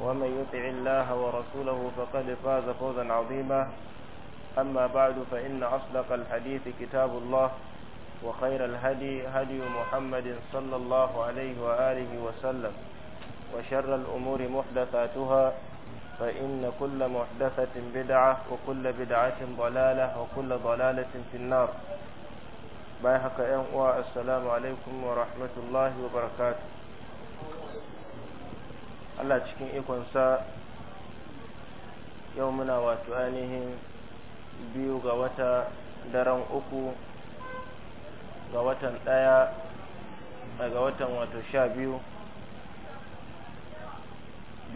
ومن يطع الله ورسوله فقد فاز فوزا عظيما أما بعد فإن أصدق الحديث كتاب الله وخير الهدي هدي محمد صلى الله عليه وآله وسلم وشر الأمور محدثاتها فإن كل محدثة بدعة وكل بدعة ضلالة وكل ضلالة في النار بايحك أنقوى السلام عليكم ورحمة الله وبركاته Allah cikin ikonsa yau muna wato ainihin biyu ga wata daren uku ga watan ɗaya daga watan wato sha biyu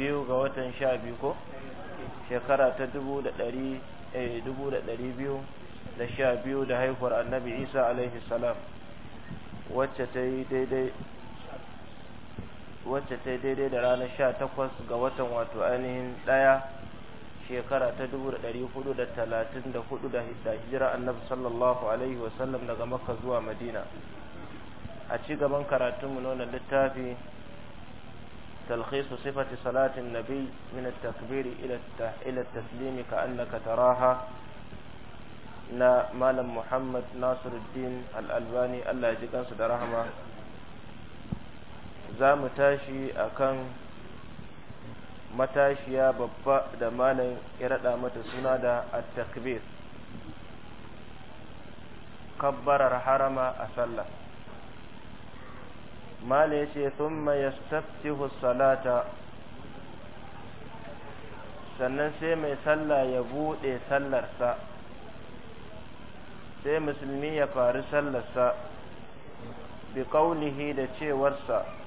biyu ga watan sha biyu ko shekara ta dubu da ɗari eh, dubu da ɗari biyu da sha biyu da haihuwar annabi isa alaihi salam wacce ta yi daidai wacce ta daidai da ranar sha takwas ga watan wato ainihin ɗaya shekara ta dubu da ɗari hudu da talatin da hudu da hidda hijira annabi sallallahu alaihi wasallam daga makka zuwa madina a ci gaban karatun mu nuna littafi talkhisu sifati salatin nabi min at-takbir ila taslimi at-taslim ka annaka na malam muhammad nasiruddin al-albani Allah ya ji kansa da rahma. za mu tashi a kan matashiya babba da malam ya raɗa mata suna da at-takbir kabbarar harama a sallah mala ya ce thumma yastaftihu salata sannan sai mai sallah ya buɗe sallarsa sai musulmi ya fari sallarsa bi da cewarsa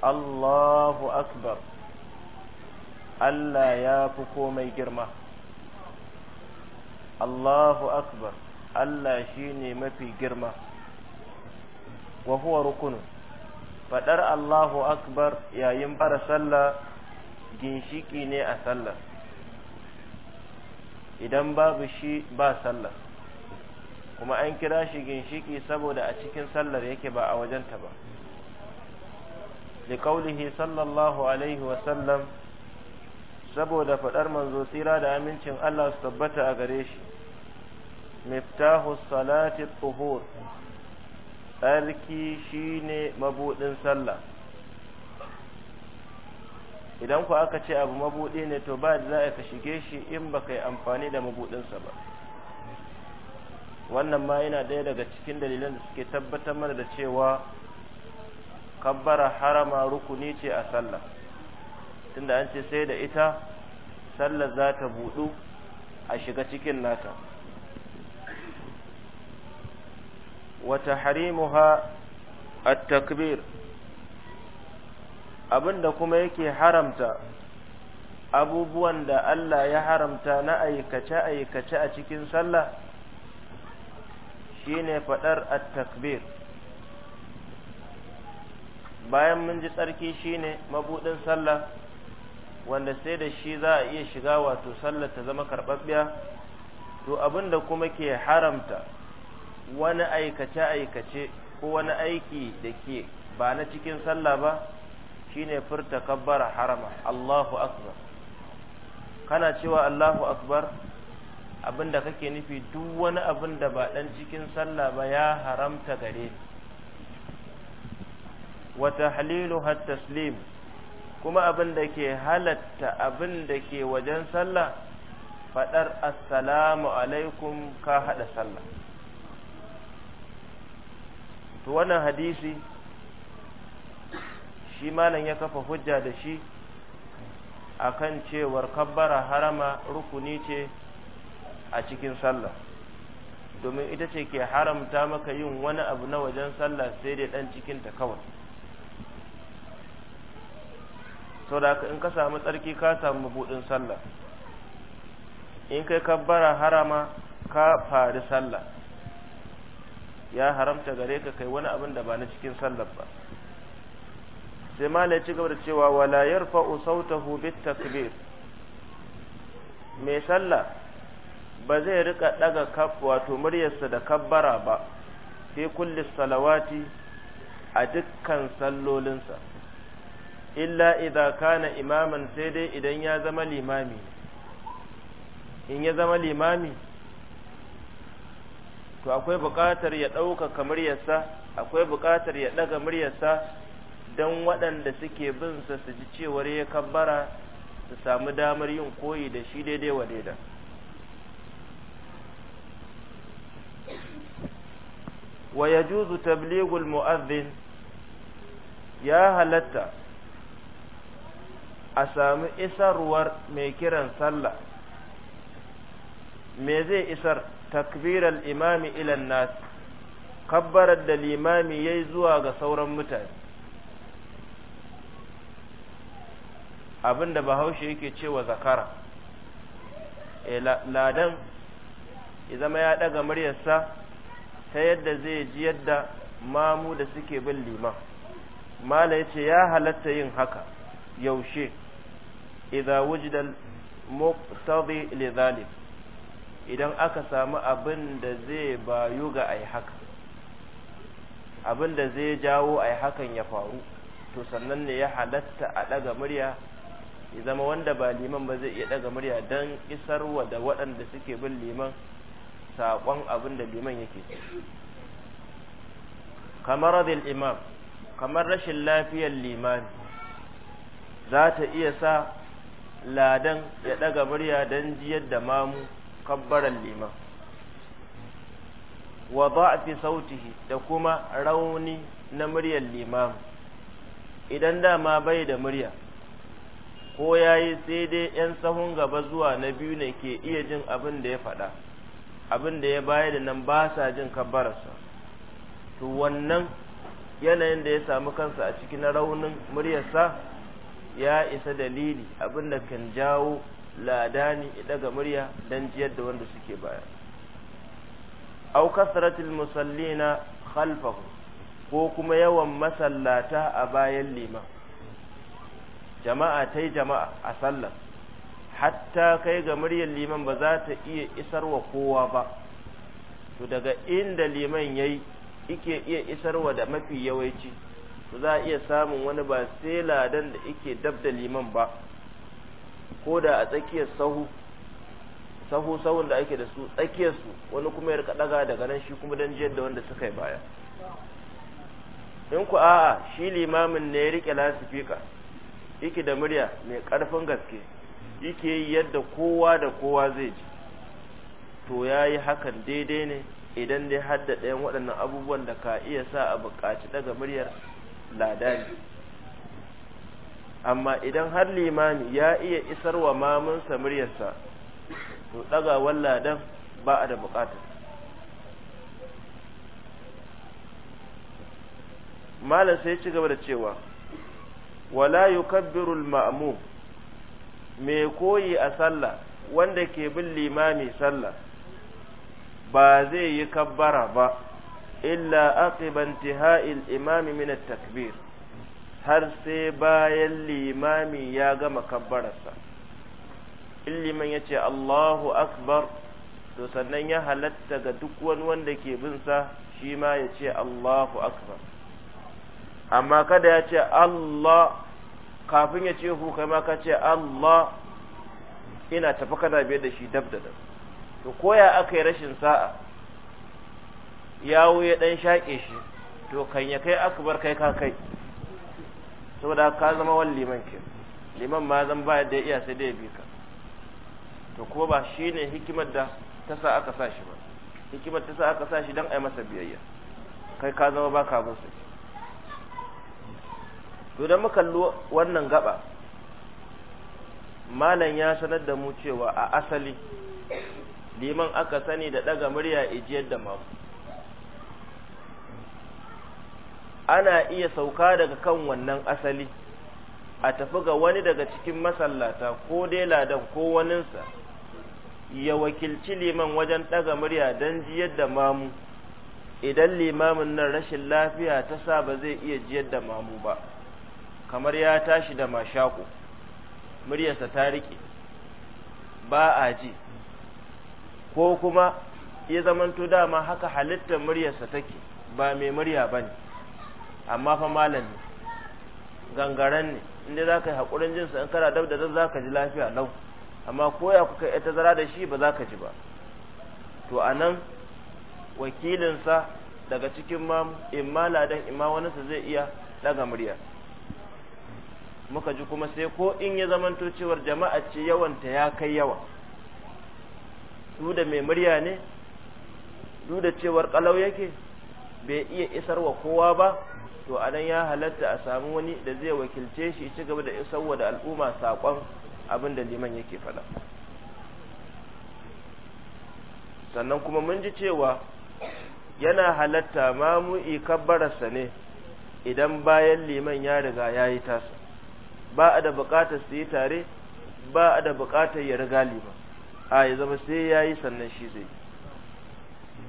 Allahu akbar Allah ya fi komai girma Allahu akbar Allah shi ne mafi girma wa huwa rukunu faɗar Allahu akbar yayin fara sallah ginshiki ne a sallah idan babu shi ba sallah kuma an kira shi ginshiki saboda a cikin sallar yake ba a wajenta ba liƙaulihi sallallahu alaihi sallam, saboda faɗar manzo tsira da amincin Allah su tabbata a gare shi miftahu salati tuhur tsarki shine mabudin sallah idan ku aka ce abu mabuɗi ne to ba za a ka shige shi in ba ka yi amfani da mabuɗinsa ba wannan ma yana ɗaya daga cikin dalilan da suke tabbatar mana da cewa kabbara harama rukuni ce a sallah tunda an ce sai da ita sallar za ta budu a shiga cikin nata wata harimuha at-takbir abinda kuma yake haramta abubuwan da Allah ya haramta na aikace-aikace a cikin sallah shine fadar at-takbir bayan mun ji tsarki shine mabudin sallah wanda sai da shi za a iya shiga wato sallar ta zama karɓaɓɓiya to abin da kuma ke haramta wani aikace-aikace ko wani aiki da ke ba na cikin sallah ba shine furta kabbara harama Allahu akbar kana cewa Allahu akbar abin da kake nufi duk wani abin da ba dan cikin sallah ba ya haramta gare ni wa tahliluha taslim kuma abin da ke halatta abin da ke wajen sallah fadar assalamu alaikum ka hada sallah to wannan hadisi shi malam ya kafa hujja da shi akan cewar kabbara harama rukuni ce a cikin sallah domin ita ce ke haramta maka yin wani abu na wajen sallah sai dai dan cikin ta kawai saboda haka in ka samu tsarki ka samu buɗin sallah in kai kabbara harama ka fari sallah ya haramta gare ka kai wani abin da ba na cikin sallah ba sai mala ya ci gaba da cewa wala yarfa'u sautahu bit takbir mai sallah ba zai rika daga wato muryarsa da kabbara ba fi kulli salawati a dukkan sallolinsa illa idza kana imaman sai dai idan ya zama limami in ya zama limami to akwai buƙatar ya ɗaukaka muryarsa akwai buƙatar ya ɗaga muryarsa don waɗanda suke bin sa su ji cewar ya kabbara su samu damar yin koyi da shi daidai wa daidai wa yajuzu tablighul mu'azzin ya halatta a sami isarwar mai kiran sallah me zai isar takbirar imami ilan nas kabbarar da limami ya yi zuwa ga sauran mutane abinda bahaushe yake cewa zakara eh, ladan ya zama ya ɗaga muryarsa ta yadda zai ji yadda mamu da suke bin liman mala ya ce ya halatta yin haka yaushe idza wujidal muqtadi lidhalik idan aka samu abin da zai bayu ga ai haka abin da zai jawo ai hakan ya faru to sannan ne ya halatta a daga murya ya zama wanda ba liman ba zai iya daga murya dan isarwa da waɗanda suke bin liman saƙon abin da liman yake kamar radil imam kamar rashin lafiyar limani za ta iya sa ladan ya ɗaga murya don jiyar da mamu kabbaran liman wa Sauti sautihi da kuma rauni na muryar Liman. idan dama bai da murya ko yayi sai dai yan sahun gaba zuwa na biyu ne ke iya jin abin da ya faɗa abin da ya baya da nan ba sa jin kabbararsa to wannan yanayin da ya samu kansa a cikin raunin muryarsa ya isa dalili abin da kan jawo ladani daga murya dan jiyar da wanda suke baya au kasratil musallina khalfahu ko kuma yawan masallata a bayan liman jama'a tai jama'a a sallar hatta kai ga muryar liman ba za ta iya isarwa kowa ba to daga inda liman yayi ike iya isarwa da mafi yawaici to za a iya samun wani ba sai ladan da yake dab da liman ba ko da a tsakiyar sahu sahu sahun da ake da su tsakiyar su wani kuma ya rika daga daga nan shi kuma dan jiyar da wanda suka yi baya in ku a'a shi limamin ne ya rike lasifika yake da murya mai karfin gaske yake yi yadda kowa da kowa zai ji to ya yi hakan daidai ne idan dai hadda ɗayan waɗannan abubuwan da ka iya sa a buƙaci daga muryar ladani amma idan har limami ya iya isar wa mamunsa muryarsa to ɗagawar ladan ba a da buƙatar malam sai ci gaba da cewa wala yukabbiru al-ma'mum me koyi a sallah wanda ke bin limami sallah ba zai yi kabbara ba illa aqiba intihai al-imam takbir har sai bayan limami ya gama kabbararsa in liman yace Allahu akbar to sannan ya halatta ga duk wani wanda ke bin sa shi ma ya ce Allahu akbar amma kada ya ce Allah kafin ya ce hu ma ka ce Allah ina tafi kana biyar da shi dab da dab to koya aka rashin sa'a yawo ya dan shaƙe shi to kan ya kai akbar kai ka kai saboda ka zama wani liman ke liman ma zan ba da iya sai da ya bi ka to kuma ba shine hikimar da ta sa aka sa shi ba hikimar ta sa aka sa shi don a yi masa biyayya kai ka zama ba ka musu to don makallo wannan gaba malam ya sanar da mu cewa a asali liman aka sani da ɗaga murya ijiyar da mamu ana iya sauka daga kan wannan asali a tafi ga wani daga cikin masallata ko dai ladan ko waninsa ya wakilci liman wajen ɗaga murya don jiyar da mamu idan limamin nan rashin lafiya ta sa ba zai iya jiyar da mamu ba kamar ya tashi da mashaku muryarsa ta riƙe ba a ji ko kuma ya zamanto dama haka halittar muryarsa take ba mai murya bane. amma fa malam gangaran ne inda za ka yi haƙurin jinsa in kana dab da dab za ka ji lafiya lau amma koya kuka yi ta zara da shi ba za ka ji ba to a nan wakilinsa daga cikin ma imma ladan imma zai iya daga murya muka ji kuma sai ko in ya zamanto cewar jama'a ce yawan ta ya kai yawa su da mai murya ne duk da cewar kalau yake bai iya isarwa kowa ba to anan ya halatta a samu wani da zai wakilce shi ci gaba da isarwa da al'umma sakon abin da liman yake faɗa sannan kuma mun ji cewa yana halatta ma mamu'i kabbararsa ne idan bayan liman ya riga ya yi tasa ba a da buƙatar su yi tare ba a da buƙatar ya riga liman a ya zama sai ya yi sannan shi zai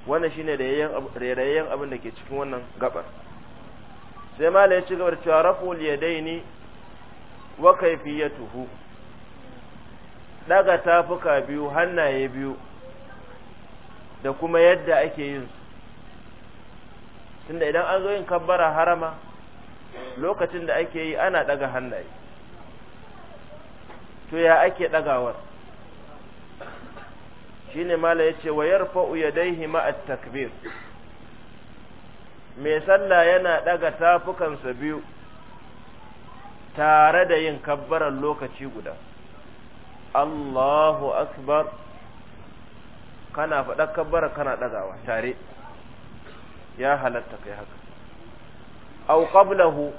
wannan shine rayayen abin da ke cikin wannan gabar sai mala ya ci gabar cewa raful yadaini wa tuhu daga tafuka biyu hannaye biyu da kuma yadda ake yin su tunda idan an zo yin kabbara harama lokacin da ake yi ana daga hannaye to ya ake dagawar shine mala yace wa yarfa'u yadayhi ma'at takbir mai sallah yana ɗaga tafukansa biyu tare da yin kabbaran lokaci guda Allahu akbar kana faɗa kabbara kana ɗagawa tare ya halatta kai haka au qablahu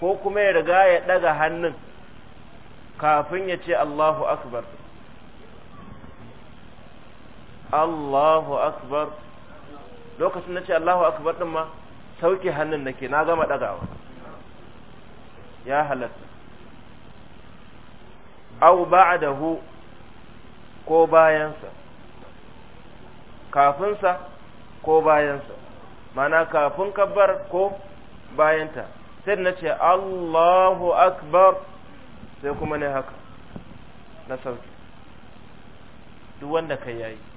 ko kuma ya riga ya ɗaga hannun kafin ya ce Allahu akbar Allahu akbar lokacin na ce Allahu akbar din ma sauke hannun nake na gama dagawa ya halatta aw ba'dahu ko bayansa kafinsa ko bayansa mana kafin kabbar ko bayanta sai na ce Allahu akbar sai kuma ne haka na sauke duk wanda kai yayi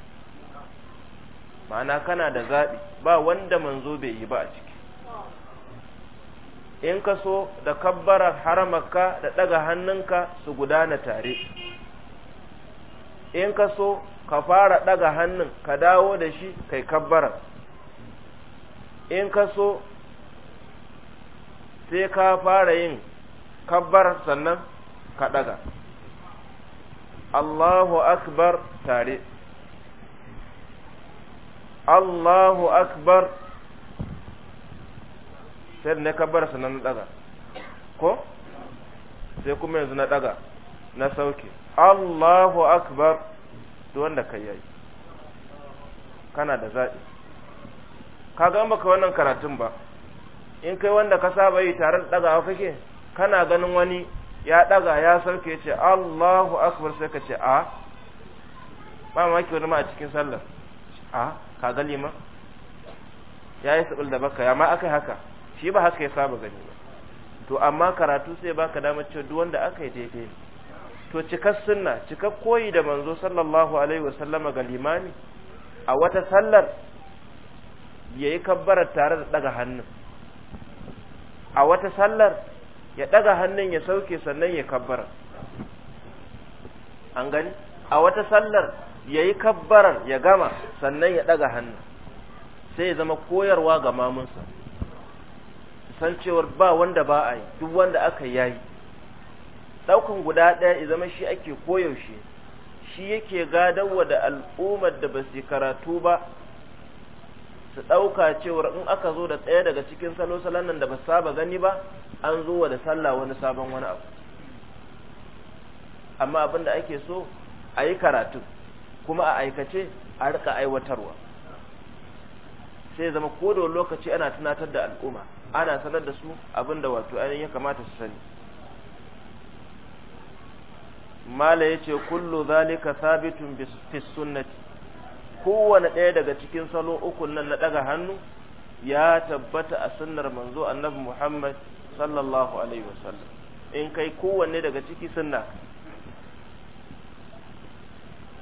ma'ana kana da zaɓi ba wanda manzo bai yi ba a ciki in ka so da kabbarar haramarka da ɗaga hannunka su gudana tare in ka so ka fara ɗaga hannun ka dawo da shi kai kabbara in ka so sai ka fara yin kabbar sannan ka ɗaga Allahu akbar tare Allahu akbar sai ne ka bar na daga ko sai kuma yanzu na daga na sauke Allahu akbar to wanda kai yayi kana da zaɓi ka ga maka wannan karatun ba in kai wanda ka saba yi tare da daga kake kana ganin wani ya daga ya sauke ce Allahu akbar sai ka ce a ah. ba maki wani ma a cikin sallar a ah. ka liman ya yi sabul da baka ya ma aka haka shi ba haka ya saba gani ba to amma karatu sai baka damar cewa duk wanda aka yi daidai to cikar sunna cikar koyi da manzo sallallahu alaihi wasallama ga limani a wata sallar yayi kabbarar tare da daga hannun a wata sallar ya daga hannun ya sauke sannan ya kabbara an gani a wata sallar yayi kabbarar ya gama sannan ya daga hannu sai ya zama koyarwa ga mamunsa san cewar ba wanda ba a yi duk wanda aka yayi ɗaukan guda ɗaya ya zama shi ake koyaushe shi yake gadawa da al'ummar da ba su karatu ba su ɗauka cewar in aka zo da tsaye daga cikin salo-salon nan da ba saba gani ba an zo wa da sallah wani sabon wani abu amma abin da ake so a yi karatu kuma a aikace a rika aiwatarwa sai zama ko da lokaci ana tunatar da al'umma ana sanar da su abinda wato ainihin ya kamata su sani mala ce kullu zalika sabitun bis sunnati kowane ɗaya daga cikin salo uku nan na ɗaga hannu ya tabbata a sunnar manzo annabi Muhammad sallallahu alaihi wasallam in kai kowanne daga ciki sunna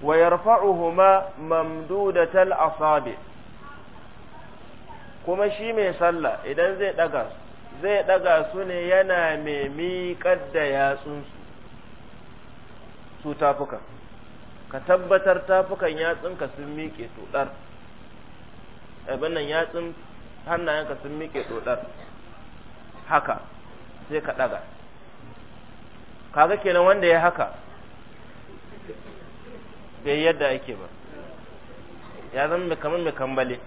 wa yarfa'uhuma mamdudatal asabi kuma shi mai sallah idan zai daga zai daga su ne yana mai miƙar da yatsunsu su tafuka ka tabbatar tafukan yatsunka sun miƙe tudar abin nan yatsun hannayenka sun miƙe tudar haka sai ka daga kaga kenan wanda ya haka bai yadda ake ba ya zama kamar mai kambale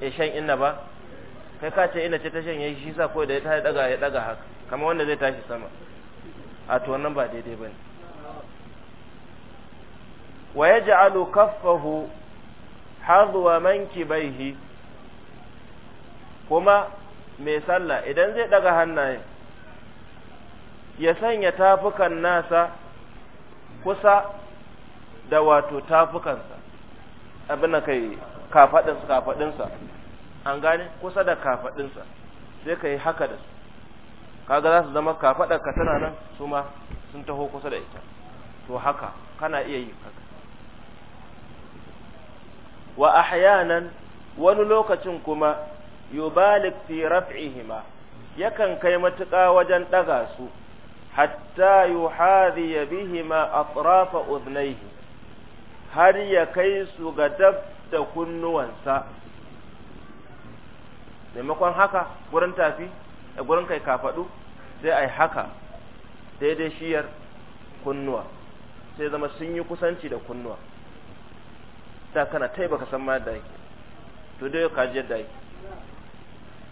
ya shan inna ba kai ka ce inna ce ta shan ya shi sa kawai da ya tashi daga ya daga haka kamar wanda zai tashi sama a to wannan ba daidai ne wa man ki bai shi kuma mai sallah idan zai daga hannaye ya sanya tafukan nasa kusa da wato tafukansa abin da kai kafaɗinsa kafaɗinsa an gane kusa da kafaɗinsa sai ka yi haka da su kaga za su zama kafaɗarka tana nan su ma sun taho kusa da ita to haka kana iya yi haka wa ahyanan wani lokacin kuma yubalik fi raf'ihima yakan kai matuƙa wajen ɗaga su hatta yuhadhi bihima atrafa udhnayhi har ya kai su ga dab da kunnuwansa maimakon haka gurin tafi da gurin kai kafadu sai ai haka daidai shiyar kunnuwa sai zama sun yi kusanci da kunnuwa ta kana tai baka san ma da yake to dai ka ji da yake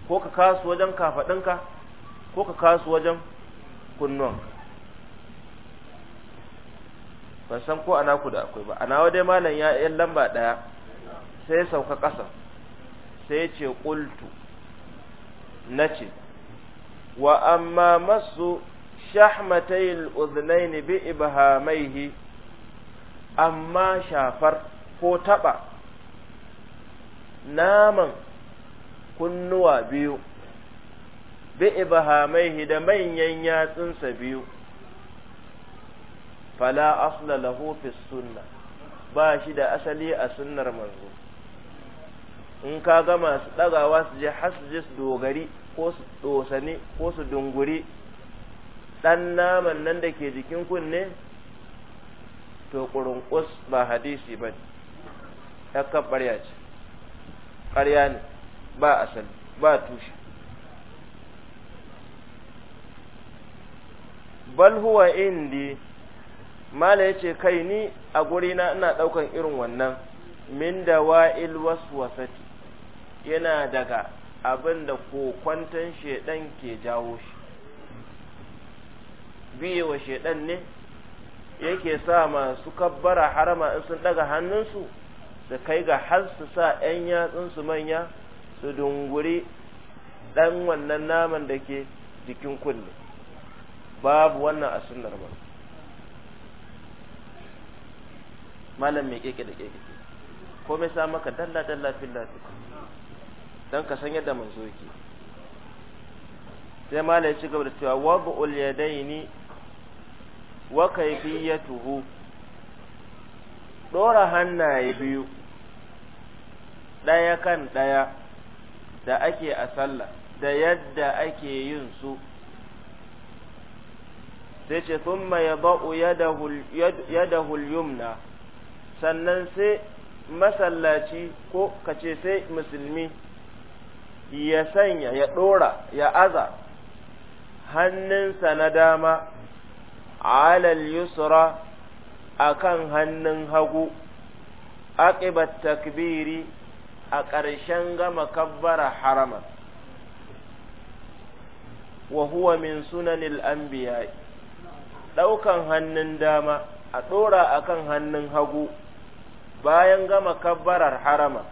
ko ka kasu wajen kafadinka ko ka kasu wajen kunnuwanka ban san ko ana ku da akwai ba ana wa dai malam ya yan lamba daya sai sauka ƙasa sai ce qultu nace wa amma masu shahmatayil udhnayn bi ibhamayhi amma shafar ko taba naman kunnuwa biyu bi ibhamayhi da manyan yatsunsa biyu fala asla lahu fi sunna ba shi da asali a sunnar manzo in ka ga masu dagawa su je har dogari ko su dosani ko su dunguri dan naman nan da ke jikin kunne to ƙurunƙus ba hadisi ba ne ya ce ƙarya ne ba asali ba tushe bal huwa indi mala ya ce kai ni a gurina ina ɗaukan irin wannan min da wa'il waswasati yana daga abin da kokwanton shedan ke jawo shi biye wa shedan ne yake sa masu kabbara harama in sun ɗaga hannunsu su kai ga har su sa ‘yan yatsunsu manya su dunguri ɗan wannan naman da ke jikin kunne babu wannan a sunnar ba malam mai keke da keke komai sa maka dalla dalla filla dan ka san yadda manzo yake sai malam ya ci gaba da cewa wa ul yadaini wa kayfiyatuhu dora hannaye biyu daya kan daya da ake a sallah da yadda ake yin su sai ce sun yada'u yadahu yadahu al-yumna sannan sai masallaci ko kace sai musulmi ya sanya ya ɗora ya aza hannunsa na dama alal yusra akan hannun hagu aqibat takbiri a ƙarshen gama kabbara harama wa huwa min sunanil anbiya ɗaukan hannun dama a ɗora akan hannun hagu bayan gama kabbarar harama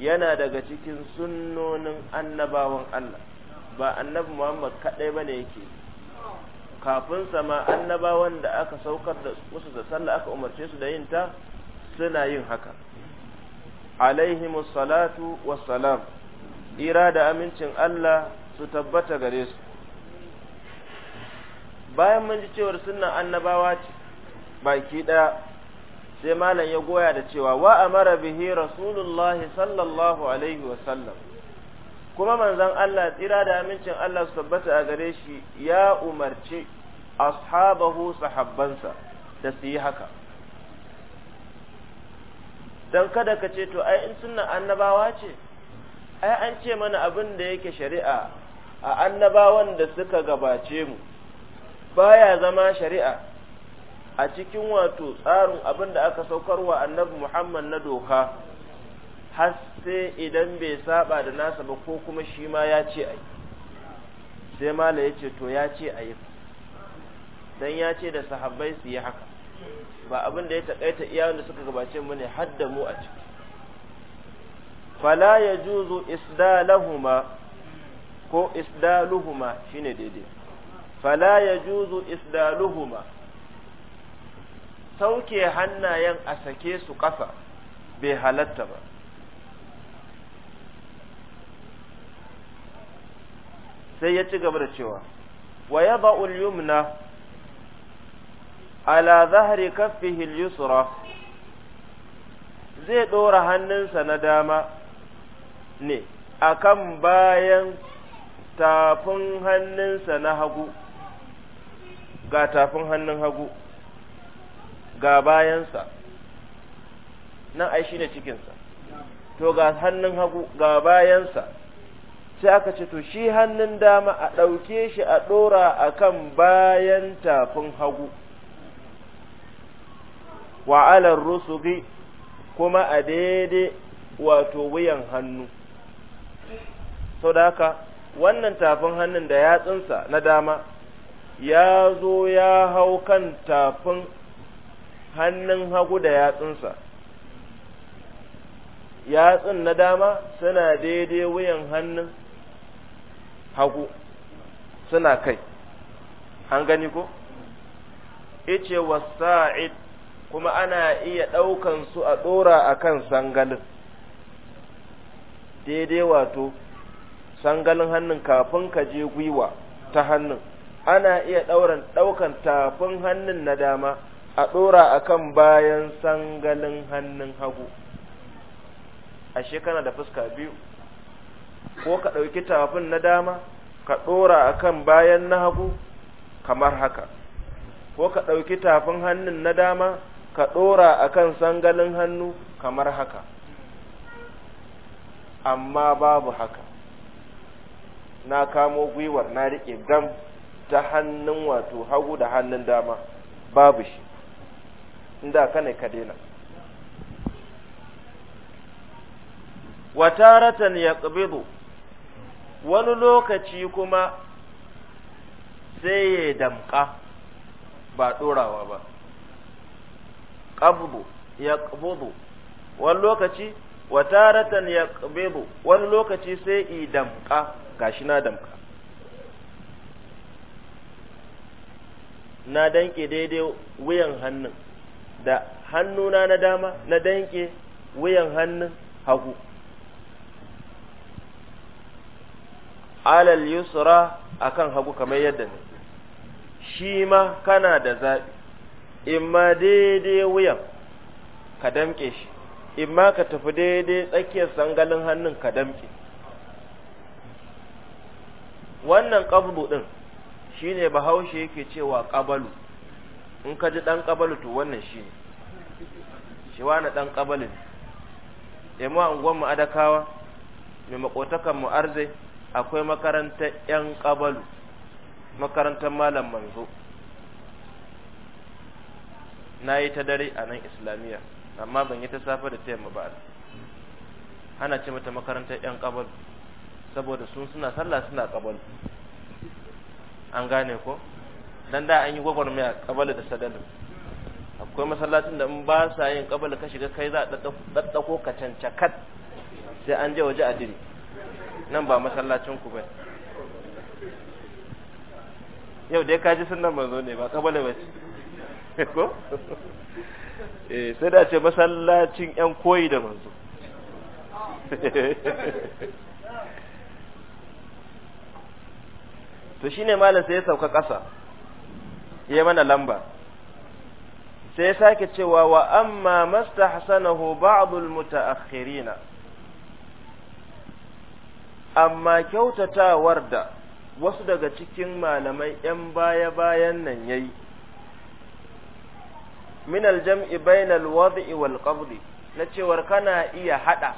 yana daga cikin sunnonin annabawan Allah ba annabi Muhammad kadai bane yake kafin sama annabawan da aka saukar da musu da sallah aka umarce su da yin ta suna yin haka alaihi musallatu wassalam ira da amincin Allah su tabbata gare su bayan mun ji cewar sunnan annabawa ce baki daya sai malam ya goya da cewa wa amara bihi rasulullah sallallahu alaihi wa sallam kuma manzon Allah tsira da amincin Allah su tabbata a gare shi ya umarci ashabahu sahabbansa da su yi haka dan kada ka ce to ai in sunna annabawa ce ai an ce mana abin da yake shari'a a annabawan da suka gabace mu baya zama shari'a a cikin wato tsarin abin da aka saukarwa annabi Muhammad na doka har sai idan bai saba da nasa ba ko kuma shi ma ya ce sai mala ya ce to ya ce a yi ya ce da sahabbai su yi haka ba abin da ya taƙaita iyawan da suka gabace mu ne har mu a ciki fala ya isdaluhuma ko isdaluhuma shine daidai fala yajuzu isdaluhuma sauke hannayen a sake su ƙasa bai halatta ba sai ya ci gaba da cewa wa ya ba'ul yumna ala zahari kaffihi yusra zai ɗora hannunsa na dama ne akan bayan tafin hannunsa na hagu ga tafin hannun hagu ga bayansa nan ai shine cikinsa to ga hannun hagu ga bayansa sai aka ce to shi hannun dama a ɗauke shi a ɗora a kan bayan tafin hagu wa'alar rusugi kuma a daidai wato wuyan hannu sau da wannan tafin hannun da yatsunsa na dama ya zo ya hau kan tafin hannun hagu da yatsunsa yatsun na dama suna daidai wuyan hannun hagu suna kai an gani ko ice wasa'id kuma ana iya ɗaukan su a ɗora a kan sangalin daidai wato sangalin hannun kafin ka je gwiwa ta hannun ana iya ɗaukan tafin hannun na dama a ɗora a kan bayan sangalin hannun hagu ashe kana da fuska biyu ko ka ɗauki tafin na dama ka ɗora a kan bayan na hagu kamar haka ko ka ɗauki tafin hannun na dama ka ɗora a kan sangalin hannu kamar haka amma babu haka na kamo gwiwar na riƙe gam ta hannun wato hagu da hannun dama babu shi inda ka ne ka daina wataratan ya wani lokaci kuma sai ya damƙa ba ɗorawa ba ƙabdu ya wani lokaci wataratan ya wani lokaci sai i damƙa gashi na damƙa na danke daidai wuyan hannun da hannuna na dama na danke wuyan hannun hagu alal yusra akan hagu kamar yadda ne shi ma kana da zaɓi imma daidai wuyan ka damƙe shi imma ka tafi daidai tsakiyar sangalin hannun ka damƙe wannan ƙablu ɗin shine bahaushe yake cewa ƙabalu in ka ji ɗan kabalu to wannan shi ne shi wani dan kabalu ne yamma eh, unguwan mu adakawa mai makotakan mu arze akwai makarantar yan kabalu makarantar malam manzo na yi ta dare a nan islamiyya amma ban yi ta safe da ta ba ana ce mata makarantar 'yan ƙabalu saboda sun suna sallah suna ƙabalu an gane ko dan da an yi gwagwarmaya kabali da sadalin akwai masallacin da in ba sa yin kabali ka shiga kai za a daddako ka cancakat sai an je waje a nan ba masallacin ku bai yau dai kaji sun nan manzo ne ba kabali ba ce ko eh sai da ce masallacin yan koyi da manzo to shine malam sai ya sauka kasa ya mana lamba sai ya sake cewa wa amma masta mastahsanahu ba'dul mutaakhirina amma kyautatawar da wasu daga cikin malamai ‘yan baya-bayan nan yayi min jam'i bainal wadi'i wal qabdi na cewar kana iya hada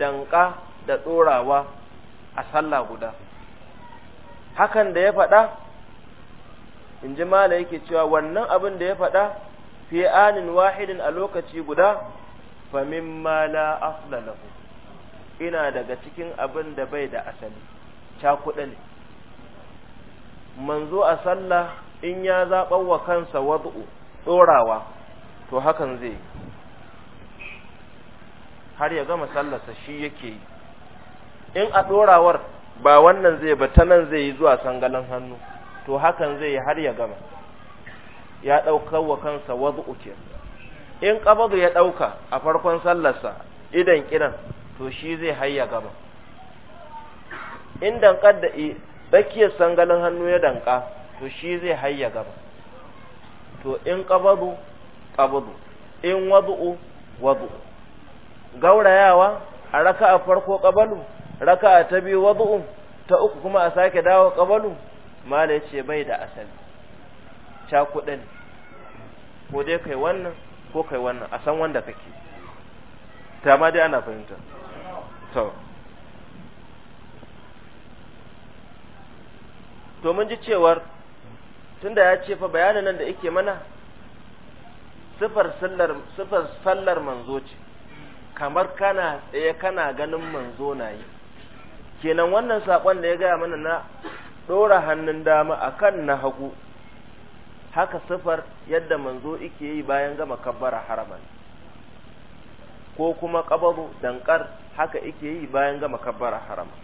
danka da tsorawa a sallah guda hakan da ya faɗa in ji mala yake cewa wannan abin da ya faɗa fi anin wahidin a lokaci guda fa ma la asla lahu ina daga cikin abin da bai da asali cakuɗa ne manzo a sallah in ya zaɓar wa kansa wad'u ɗorawa to hakan zai yi har ya gama sallarsa shi yake yi in a ɗorawar ba wannan zai ba ta nan zai yi zuwa sangalan hannu to hakan zai yi har ya gama ya ɗaukar wa kansa wazu uke in ƙabadu ya ɗauka a farkon sallarsa idan kiran to shi zai har ya gama in dankar da tsakiyar sangalin hannu ya danka to shi zai har ya gama to in ƙabadu ƙabadu in wazu'u wazu'u gaurayawa a raka'a farko ƙabalu raka'a ta biyu wazu'u ta uku kuma a sake dawo ƙabalu mala ya ce bai da asali cakuɗa ne ko dai kai wannan ko kai wannan a san wanda kake ta ma dai ana fahimta to to mun ji cewar tunda ya ce fa bayanin nan da yake mana sifar sallar sifar sallar manzo ce kamar kana tsaye kana ganin manzo na yi kenan wannan sakon da ya gaya mana na ɗora hannun dama akan na hagu haka sifar yadda manzo ike yi bayan gama kabbara haraman ko kuma ƙabaru dankar haka ike yi bayan gama kabbara haraman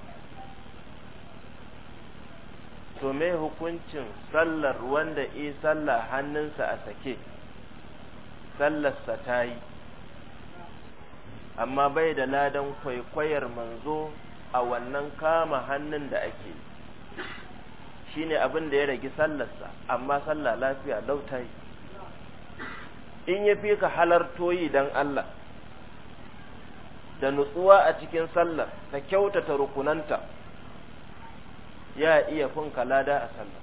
to me hukuncin sallar wanda e sallar hannunsa a sake sallarsa ta yi amma bai da ladan kwaikwayar manzo a wannan kama hannun da ake Shi ne abin da ya ragi sallarsa amma sallah lafiya yi. in ya fi ka halarto yi dan Allah da nutsuwa a cikin sallar ka kyautata rukunanta ya iya kun kalada a sallar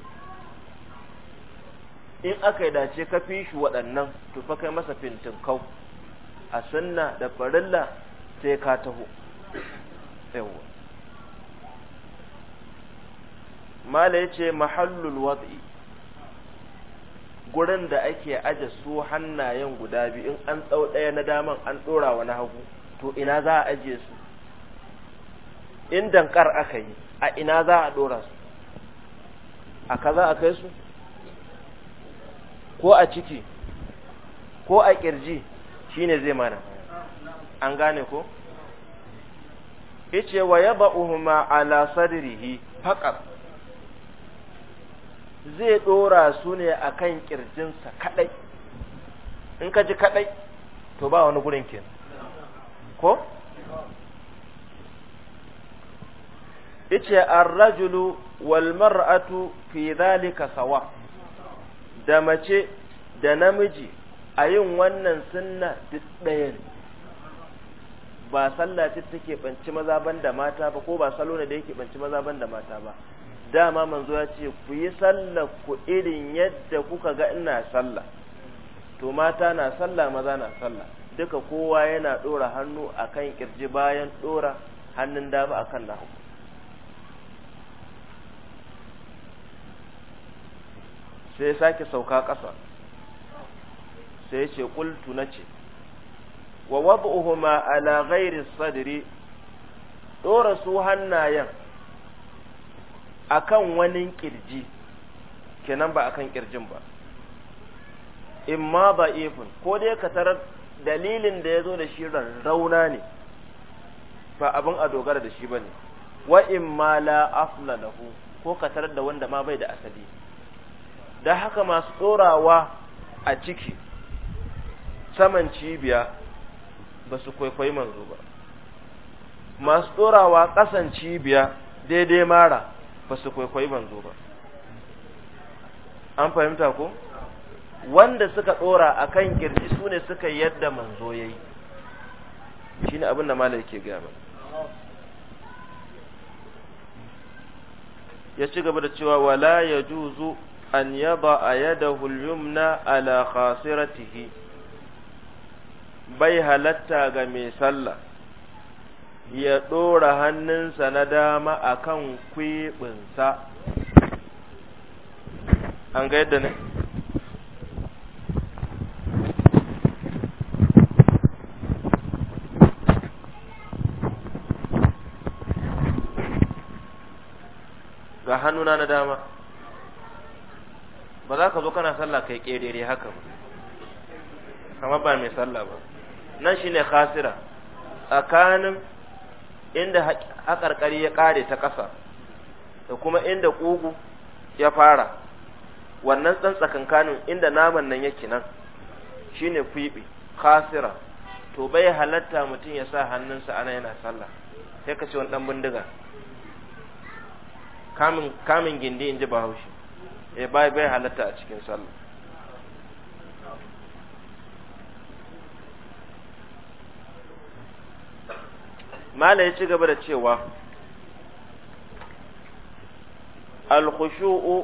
in aka yi dace ka fi shi waɗannan tufa kai masa fintin kau, a sunna da farilla sai ka taho mala ce mahallul wad'i gurin da ake aje su hannayen guda biyu in an tsau ɗaya na daman an ɗora wa na hagu to ina za a aje su in dankar aka yi a ina za a ɗora su a kaza a kai su ko a ciki ko a ƙirji shine zai mana an gane ko ice wa yaba uhuma ala sadrihi faqat zai dora su ne a kan ƙirjinsa kaɗai in ka ji kaɗai to ba wani gurin ke ko yace a rajulu wal mar'atu fi sawa da mace da namiji a yin wannan sunna duk ɗaya ba sallah ce take banci maza ban da mata ba ko ba salo ne da yake banci maza ban da mata ba dama manzo ya ce ku yi sallah ku irin yadda kuka ga ina sallah to mata na sallah maza na sallah duka kowa yana dora hannu akan kirji bayan dora hannun dama akan na sai sake sauka ƙasa sai ce na nace wa wad'uhuma ala ghairi sadri dora su hannayen akan wani kirji kenan ba akan kirjin ba in ma ba ifin ko dai ka tarar dalilin da ya zo da shi rauna ne ba abin a dogara da shi ba ne wa in ma la afla lahu ko ka tarar da wanda ma bai da asali da haka masu tsorawa a ciki saman cibiya ba su kwaikwayi manzo ba masu tsorawa ƙasan cibiya daidai mara ba su kwaikwayi manzo ba an fahimta ko wanda suka dora kan kirji su ne suka yadda manzo yayi shine abin da malai yake gaya ba. ya ci gaba da cewa wala juzu an yaba yada al na ala khasiratihi bai halatta ga mai sallah ya ɗora hannunsa na dama a kan kwiɓinsa an ga yadda ne ga hannuna na dama ba za ka zo kana sallah kai ƙerere haka ba kama ba mai sallah ba nan shine khasira tsakanin inda haƙarƙari ya ƙare ta ƙasa da kuma inda ƙugu ya fara wannan tsantsakankanin inda naman nan yake nan shine kwiɓi khasira to bai halatta mutum ya sa hannunsa ana yana sallah sai ka ce wani ɗan bindiga kamin gindi in ji bahaushe ya eh, bai bai halatta a cikin sallah mala ya ci gaba da cewa alkhushu'u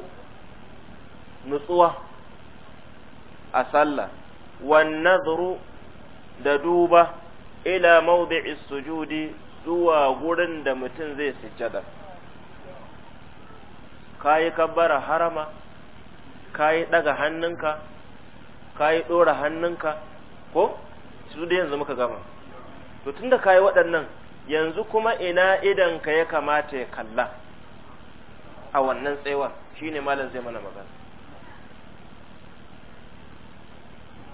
nutsuwa a sallah wan nadru da duba ila mawdi'i sujudi zuwa gurin da mutum zai sujjada kai kabbara harama kai daga hannunka kai dora hannunka ko su da yanzu muka gama to tunda kayi waɗannan yanzu kuma ina ka ya kamata ya kalla a wannan shi shine malam zai mana magana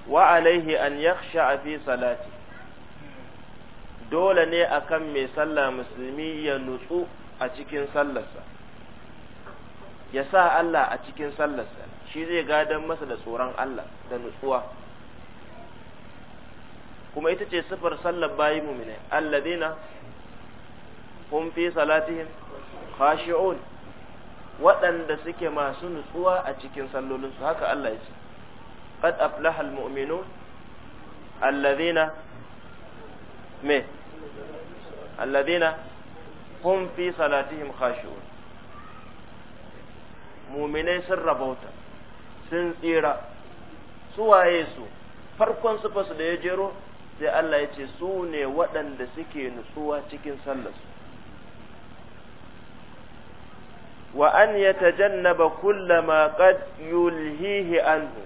wa alaihi an ya fi salati dole ne akan mai sallah musulmi ya nutsu a cikin sallarsa ya sa Allah a cikin sallarsa shi zai gadon masa da tsoron Allah da nutsuwa kuma ita ce sifar sallar bayi mumine allazina hum fi salatihim khashi'un waɗanda suke masu nutsuwa a cikin sallolinsu haka Allah ya ce qad aflaha almu'minun alladhina me alladhina hum fi salatihim khashi'un mu'minai sun rabauta sun tsira su waye su farkon sufa su da ya jero sai Allah ya ce su ne waɗanda suke nutsuwa cikin sallarsu wa an yatajannaba kullama qad yulhihi anhu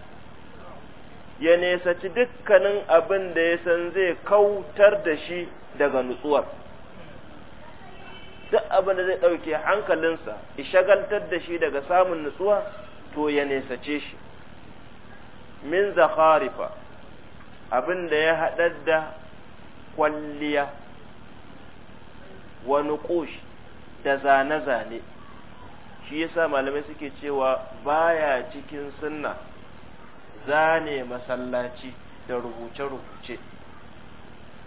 ya nesaci dukkanin abin da ya san zai kautar da shi daga nutsuwar duk abin da zai ɗauki hankalinsa shagaltar da shi daga samun nutsuwa to ya nesace shi min zakharifa abin da ya haɗar da kwalliya wa nuƙush da zane-zane shi yasa malamai suke cewa baya cikin sunna zane masallaci da rubuce-rubuce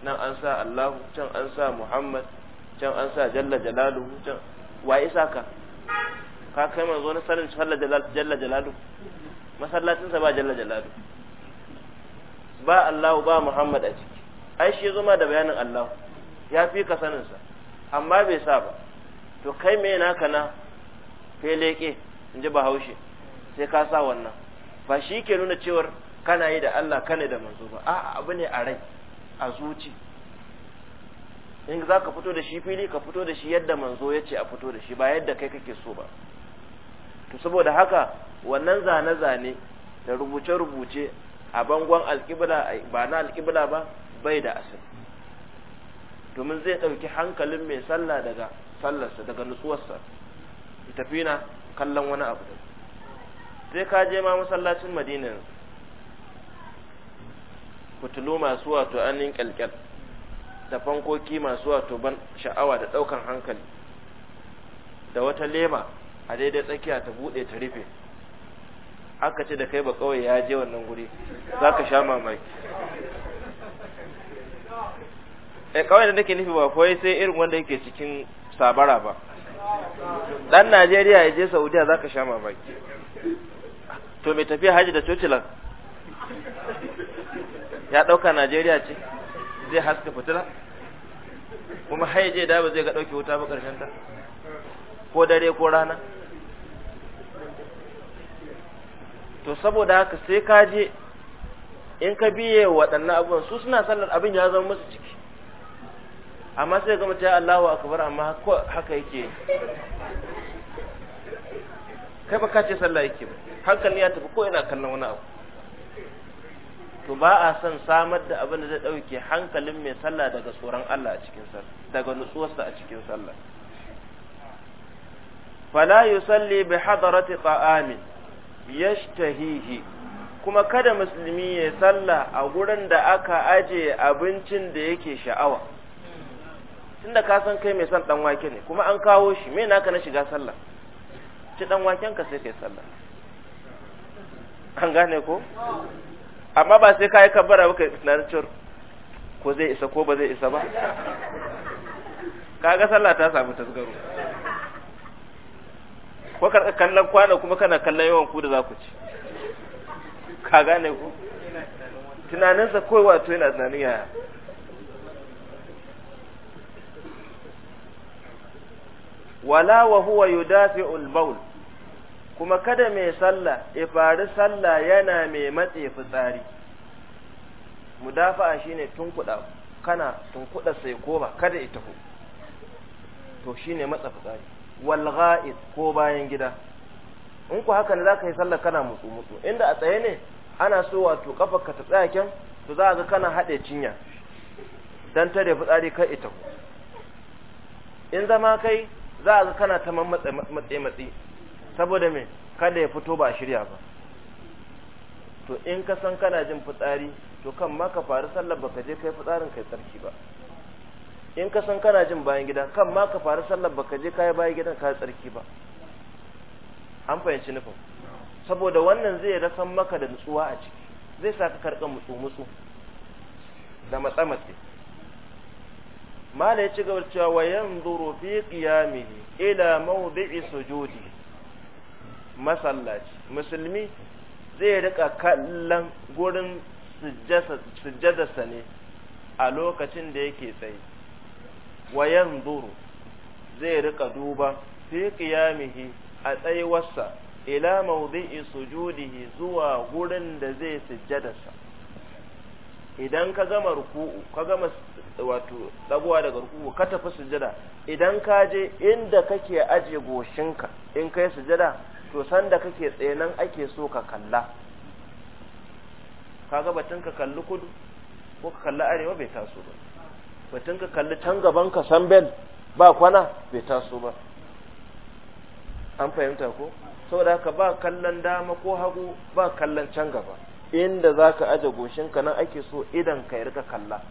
nan an sa Allahu can an sa Muhammad can an sa jalla jalaluhu can wa isa ka ka kai zo na sanin jalla jalaluhu masallacinsa ba jalla jalaluhu ba Allahu ba Muhammad a ciki ai shi ma da bayanin Allahu ya fi ka saninsa amma bai sa ba to kai me naka na feleke in ji bahaushe sai ka sa wannan ba shi ke nuna cewar kana yi da Allah kana da manzo ba a'a abu ne a rai a zuci in za ka fito da shi fili ka fito da shi yadda manzo ya ce a fito da shi ba yadda kai kake so ba to saboda haka wannan zane-zane da rubuce-rubuce a bangon alƙibla ba na alƙibla ba bai da asali domin zai ɗauki hankalin mai sallah daga sallarsa daga nutsuwarsa tafi na kallon wani abu sai ka je ma masallacin madina fitilu masu wato anin kyalkyal da fankoki masu wato ban sha'awa da daukan hankali da wata lema a daidai tsakiya ta buɗe ta rufe aka ce da kai ba kawai ya je wannan guri za ka sha mamaki e kawai da nake nufi ba kawai sai irin wanda yake cikin sabara ba dan Najeriya ya je Saudiya zaka sha mamaki to mai tafiya haji da cocilan ya dauka Najeriya ce zai haska fitila kuma haije da ba zai ga dauke wuta ba karshen ta ko dare ko rana to saboda haka sai ka je in ka biye waɗannan abubuwan su suna sallar abin ya zama musu ciki amma sai ga mutum Allahu akbar amma haka yake kai ba ka ce sallah yake ba hankali ya tafi ko ina kallon wani abu to ba a son samar da abin da zai dauke hankalin mai sallah daga tsoron Allah a cikin sallah daga nutsuwarsa a cikin sallah fala yusalli bi hadarati qa'amin yashtahihi kuma kada musulmi ya sallah a gurin da aka aje abincin da yake sha'awa tunda ka san kai mai son dan wake ne kuma an kawo shi me naka na shiga sallah ci dan waken ka sai kai sallah an gane ko amma ba sai ka yi kabbara ba kai tunanin cur ko zai isa ko ba zai isa ba kaga sallah ta samu tasgaro ko karka kallon kwana kuma kana kallon yawan ku da za ku ci ka gane ku tunaninsa kawai wato yana tunanin yaya wala wa huwa yudafi'ul bawl kuma kada mai sallah ya fari sallah yana mai matse fitsari mudafa'a shine tunkuda kana tunkuda sai ba kada ita ku to shine matsa fitsari wal gha'id ko bayan gida in ku haka ne zaka yi sallah kana mutsu mutsu inda a tsaye ne ana so wato kafarka ta tsaya to za ga kana hade cinya dan tare fitsari kai ita ku in zama kai za a ga kana ta matse matse matse saboda me kada ya fito ba shirya ba to in ka san kana jin fitsari to kan ma ka faru sallar baka je kai fitsarin kai tsarki ba in ka san kana jin bayan gida kan ma ka faru sallar baka je kai bayan gidan kai tsarki ba an fahimci nufin saboda wannan zai rasan maka da nutsuwa a ciki zai sa ka karɓa mutsu mutsu da matsa matsa mala ya ci gaba cewa wa yanzuru fi qiyamihi ila mawdi'i sujudi masallaci musulmi zai rika kallon gurin sujjada ne a lokacin da yake tsaye wa yanzuru zai rika duba fi qiyamihi a tsayuwarsa ila mawdi'i sujudihi zuwa gurin da zai sa. idan ka gama ruku'u ka gama wato dagowa daga ruku'u ka tafi sujada idan ka je inda kake aje goshinka in kai sujada to sanda kake tsaye nan ake so ka kalla ka ga batun ka kalli kudu ko ka kalli arewa bai taso ba batun ka kalli can gaban ka san bel ba kwana bai taso ba an fahimta ko saboda haka ba kallon dama ko hagu ba kallon can gaba inda za ka aje goshinka nan ake so idan ka rika kalla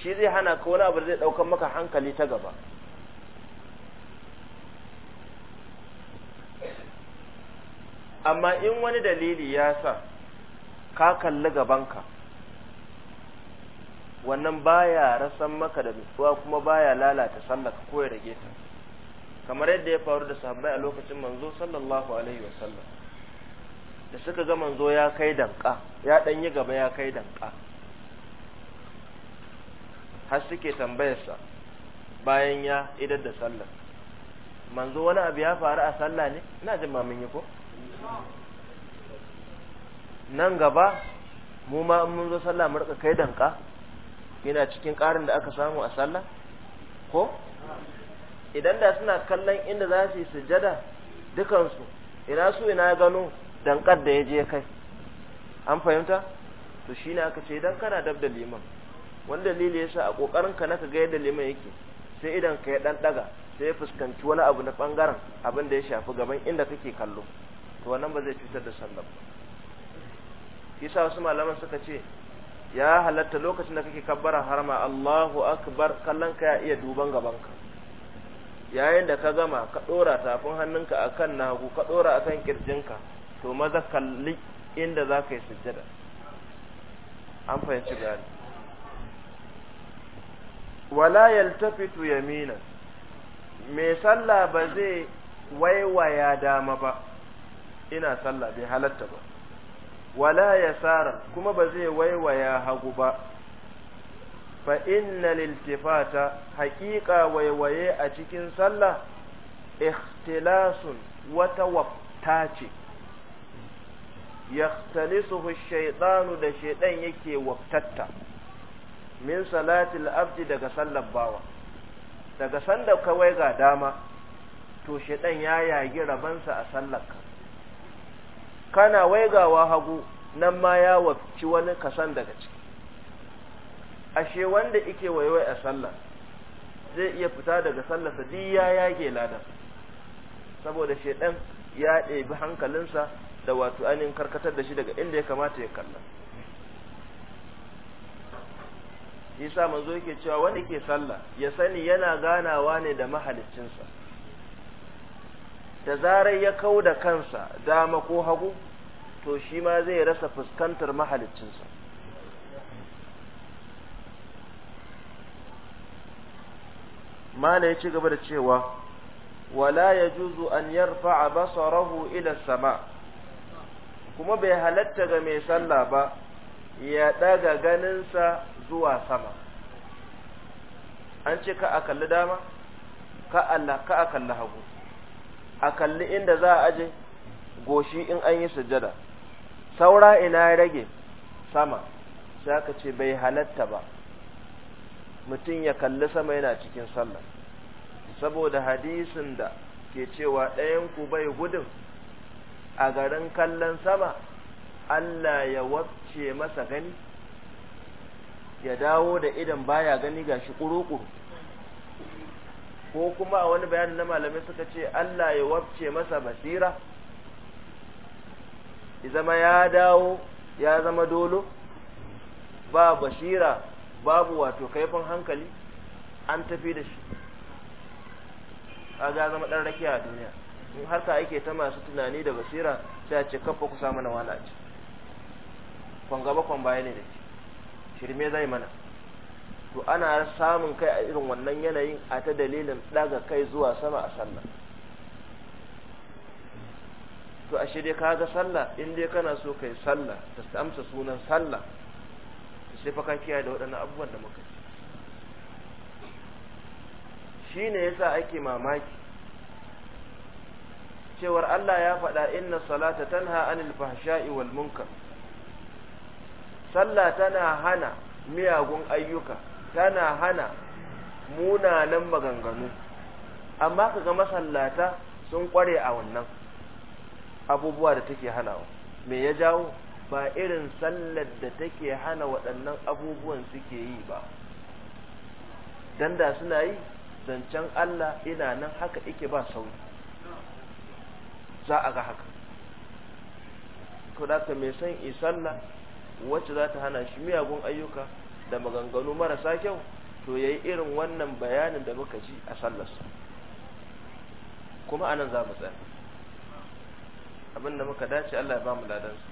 shi zai hana ka wani abu zai ɗaukar maka hankali ta gaba amma in wani dalili ya sa ka kalli gabanka wannan baya rasan maka da nutsuwa kuma baya lalata sallaka ko ya rage ta kamar yadda ya faru da sahabbai a lokacin manzo sallallahu alaihi wasallam da suka ga manzo ya kai danka ya dan yi gaba ya kai danka har suke tambayarsa bayan ya idar da sallar manzo wani abu ya faru a sallah ne ina jin ma mun yi ko nan gaba mu ma in mun zo sallah mu rika kai danka yana cikin ƙarin da aka samu a sallah ko idan da suna kallon inda za su yi sujjada dukansu ina su ina gano dan da ya je kai an fahimta to shine aka ce idan kana dab da liman wani dalili yasa a kokarin ka naka ga yadda liman yake sai idan ka ya dan daga sai ya fuskanci wani abu na bangaren abin da ya shafi gaban inda kake kallo to wannan ba zai cutar da sallah ba yasa wasu malaman suka ce ya halatta lokacin da kake kabbara harma Allahu akbar kallon ka ya iya duban gabanka yayin da ka gama ka dora tafin hannunka akan nagu ka dora akan kirjinka to maza kalli inda za ka yi sujjada an fahimci gani wala yaltafitu yamina mai sallah ba zai waiwaya dama ba ina sallah bai halatta ba wala yasara kuma ba zai waiwaya hagu ba fa inna liltifata haƙiƙa waiwaye a cikin sallah ikhtilasun wata wafta ce yakhtalisuhu shaytanu da shaytan yake waftatta min salatil abdi daga sallar bawa daga sanda kawai ga dama to shaytan ya yagi rabansa a sallarka kana waigawa hagu nan ma ya wafci wani kasan daga ciki ashe wanda ike waiwai a sallar zai iya fita daga sallarsa duk ya yage ladan saboda shaiɗan ya ɗebi hankalinsa da wato ainihin karkatar da shi daga inda ya kamata ya kalla yasa manzo yake cewa wanda ke sallah ya sani yana ganawa ne da mahaliccinsa da zarar ya kau da kansa dama ko hagu to shi ma zai rasa fuskantar mahaliccinsa mala ya ci gaba da cewa wala ya yajuzu an yarfa a basarahu ila sama' kuma bai halatta ga mai sallah ba ya ɗaga ganinsa zuwa sama an ce ka a kalli dama ka a kalli hagu a kalli inda za a aje goshi in an yi sujada saura ina ya rage sama sai aka ce bai halatta ba mutum ya kalli sama yana cikin sallah saboda hadisin da ke cewa ɗayan ku bai gudun a garin kallon sama Allah ya wabce masa gani ya dawo da idan baya gani ga gashi kurukuru ko kuma a wani bayanin na malamai suka ce Allah ya wabce masa basira zama ya dawo ya zama dolo ba basira babu wato kaifin hankali an tafi da shi a ga zama ɗan rakiya a duniya in harka ake ta masu tunani da basira sai a ce kafa ku samu na wala ce kwan kwan baya ne da ke shirme zai mana to ana samun kai a irin wannan yanayin a ta dalilin daga kai zuwa sama a sallah to ashe dai ka ga sallah in dai kana so kai sallah ta amsa sunan sallah sai fa kiyaye da waɗannan abubuwan da muka ci shine yasa ake mamaki cewar Allah ya faɗa inna salata tanha anil fahsha'i wal munkar sallah tana hana miyagun ayyuka tana hana munanan maganganu amma kaga masallata sun kware a wannan abubuwa da take hanawa me ya jawo ba irin sallar da take hana waɗannan abubuwan suke yi ba dan da suna yi zancen Allah ina nan haka ike ba sauki za a ga haka ko da ka mai san isalla wacce za ta hana shi miyagun ayyuka da maganganu marasa kyau to ya yi irin wannan bayanin da muka ji a sallarsa kuma anan za mu tsaya abinda muka dace Allah ya ba mu ladansa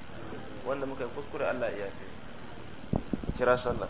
wanda muka yi kuskure Allah ya kira sallar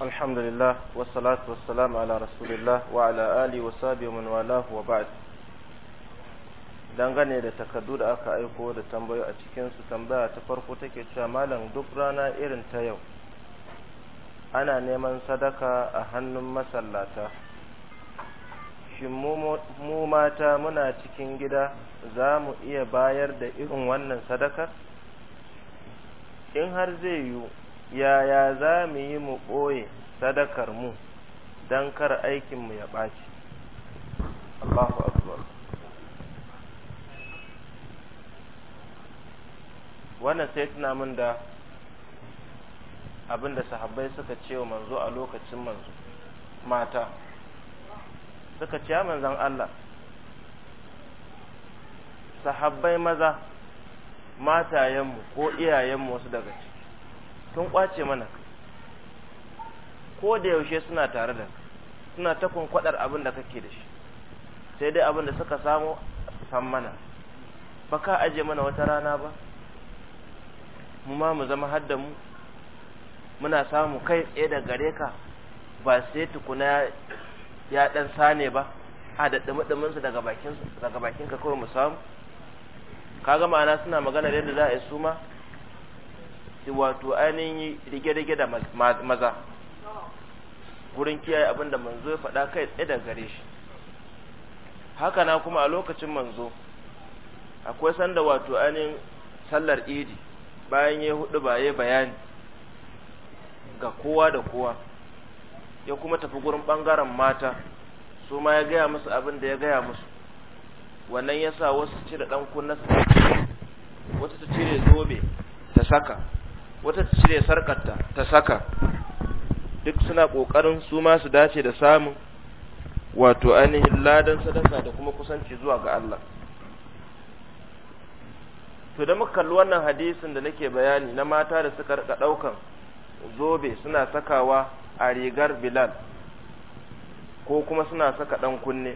wassalatu wassalamu ala Rasulillah wa ala Ali, wa آله man walahu wa ba'd dangane da takardu da aka aiko da tambayo a cikinsu tambaya ta farko take cewa malam duk rana irin ta yau ana neman sadaka a hannun masallata shin mu mata muna cikin gida za mu iya bayar da irin wannan sadaka in har zai yiwu yaya za mu yi mu ɓoye sadakar mu don kar aikinmu ya ɓaci Allahu akbar wannan sai tuna min da abin da sahabbai suka ce wa manzo a lokacin manzo mata suka ce manzon Allah sahabbai maza matayenmu ko iyayenmu wasu daga ciki sun kwace mana ko da yaushe suna tare da suna ta kwankwadar abin da kake da shi sai dai abin da suka samu san mana ba ka aje mana wata rana ba mu ma mu zama hadda mu muna samu kai tsaye da gare ka ba sai tukuna ya dan sane ba a da dumudumunsa daga bakin daga bakinka kawai mu samu kaga ma'ana suna magana da yadda za a yi su ma wato ainihin yi rige-rige da maza wurin kiyaye abin da manzo ya faɗa kai tsaye da gare shi haka na kuma a lokacin manzo akwai sanda wato ainihin sallar idi bayan ya hudu baye bayani ga kowa da kowa ya kuma tafi gurin bangaren mata su ma ya gaya musu abin da ya gaya musu wannan ya sa wasu cire ɗan kunnarsa wasu ta cire zobe ta saka wata ta cire sarkarta ta saka duk suna ƙoƙarin su ma su dace da samun wato ainihin ladan sadaka da kuma kusanci zuwa ga Allah to da muka kalli wannan hadisin da nake bayani na mata da suka rika daukan zobe suna sakawa a rigar Bilal ko kuma suna saka dan kunne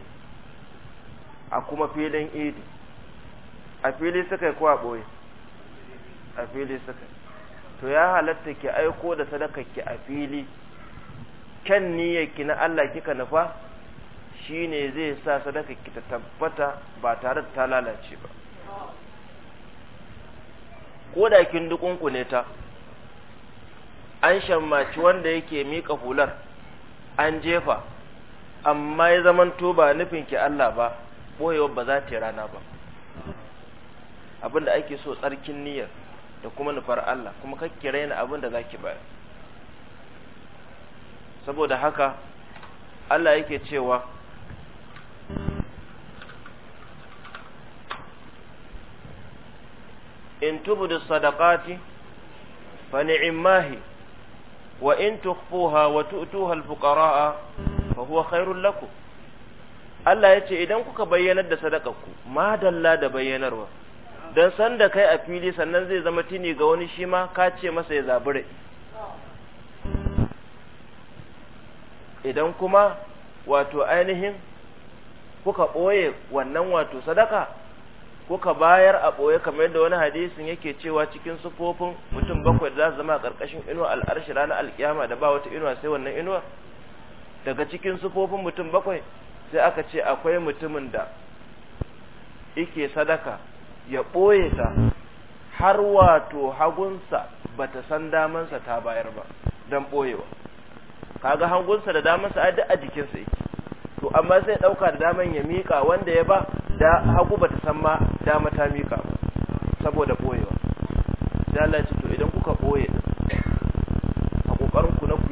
a kuma filin idi a fili suka yi ko a boye a fili suka yi to ya halatta ki aiko da sadakar ki a fili kyan niyyar ki na Allah kika nufa shine zai sa sadakar ki ta tabbata ba tare da ta lalace ba ko da kin ne ta an shammaci wanda yake mika hular an jefa amma ya zamanto ba nufin ki Allah ba boyewa ba za ta rana ba abinda ake so tsarkin niyyar da kuma nufar Allah kuma kira raina abin da zaki bayar saboda haka Allah yake cewa in tubdu sadaqati fa ni'mahi wa in tukhfuha wa tu'tuha al-fuqara'a fa huwa khairul lakum Allah yace idan kuka bayyanar da sadakarku madalla da bayyanarwa don san da kai a fili sannan zai zama tini ga wani shi ma ka ce masa ya zabure idan kuma wato ainihin kuka ɓoye wannan wato sadaka kuka bayar a ɓoye kamar yadda wani hadisin yake cewa cikin sufofin mutum bakwai da za su zama a ƙarƙashin inuwa al'arshi ranar alkiyama da ba wata inuwa sai wannan inuwar daga cikin sufofin mutum bakwai sai aka ce akwai mutumin da yake sadaka ya ɓoye ta har wato hagunsa bata san damansa ta bayar ba don ɓoyewa kaga hangunsa da damansa a duk a jikinsa yake to amma sai ɗauka da daman ya miƙa wanda ya ba da hagu bata san ma dama ta miƙa ba saboda ɓoyewa dalaci to idan kuka ɓoye a ƙoƙarinku na ku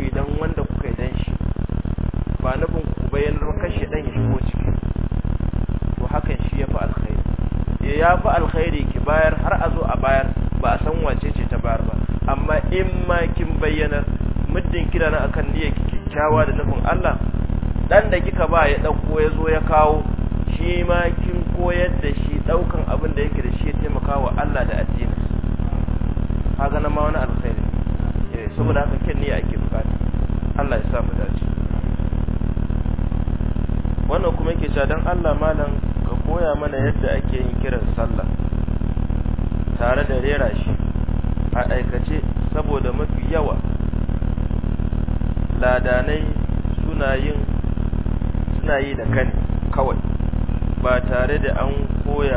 ya fi alkhairi ki bayar har a zo a bayar ba a san wace ce ta bayar ba amma in ma kin bayyana muddin kina na akan niyya ki kyakkyawa da nufin Allah dan da kika ba ya dauko ya zo ya kawo shi ma kin koyar da shi daukan abin da yake da shi ya taimaka wa Allah da addini kaga nan ma wani alkhairi eh saboda haka kin niyya ake bukata Allah ya sa mu dace wannan kuma yake cewa dan Allah malam koya mana yadda ake yin kiran sallah tare da rera shi a aikace saboda mafi yawa ladanai suna yin suna yi da kani kawai ba tare da an koya